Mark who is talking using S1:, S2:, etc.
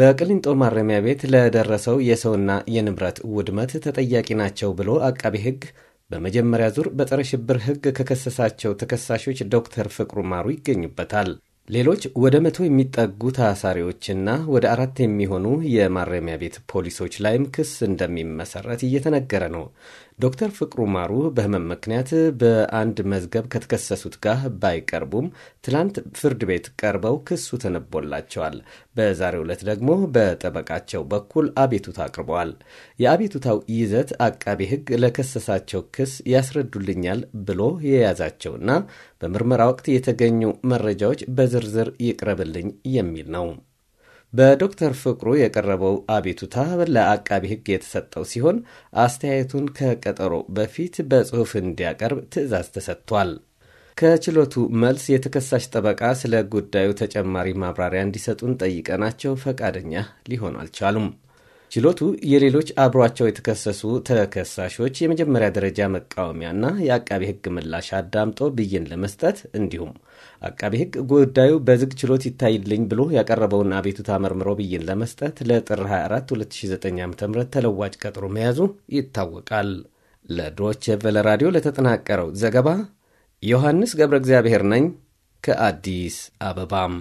S1: በቅሊንጦ ማረሚያ ቤት ለደረሰው የሰውና የንብረት ውድመት ተጠያቂ ናቸው ብሎ አቃቢ ሕግ በመጀመሪያ ዙር በጸረ ሽብር ሕግ ከከሰሳቸው ተከሳሾች ዶክተር ፍቅሩ ማሩ ይገኙበታል። ሌሎች ወደ መቶ የሚጠጉ ታሳሪዎችና ወደ አራት የሚሆኑ የማረሚያ ቤት ፖሊሶች ላይም ክስ እንደሚመሰረት እየተነገረ ነው። ዶክተር ፍቅሩ ማሩ በህመም ምክንያት በአንድ መዝገብ ከተከሰሱት ጋር ባይቀርቡም ትላንት ፍርድ ቤት ቀርበው ክሱ ተነቦላቸዋል። በዛሬው ዕለት ደግሞ በጠበቃቸው በኩል አቤቱታ አቅርበዋል። የአቤቱታው ይዘት አቃቤ ሕግ ለከሰሳቸው ክስ ያስረዱልኛል ብሎ የያዛቸውና በምርመራ ወቅት የተገኙ መረጃዎች በ በዝርዝር ይቅረብልኝ የሚል ነው። በዶክተር ፍቅሩ የቀረበው አቤቱታ ለአቃቢ ሕግ የተሰጠው ሲሆን አስተያየቱን ከቀጠሮ በፊት በጽሑፍ እንዲያቀርብ ትዕዛዝ ተሰጥቷል። ከችሎቱ መልስ የተከሳሽ ጠበቃ ስለ ጉዳዩ ተጨማሪ ማብራሪያ እንዲሰጡን ጠይቀናቸው ፈቃደኛ ሊሆኑ አልቻሉም። ችሎቱ የሌሎች አብሯቸው የተከሰሱ ተከሳሾች የመጀመሪያ ደረጃ መቃወሚያና የአቃቤ ሕግ ምላሽ አዳምጦ ብይን ለመስጠት እንዲሁም አቃቤ ሕግ ጉዳዩ በዝግ ችሎት ይታይልኝ ብሎ ያቀረበውን አቤቱታ መርምሮ ብይን ለመስጠት ለጥር 24 2009 ም ተለዋጭ ቀጥሮ መያዙ ይታወቃል። ለዶች ቨለ ራዲዮ ለተጠናቀረው ዘገባ ዮሐንስ ገብረ እግዚአብሔር ነኝ ከአዲስ አበባም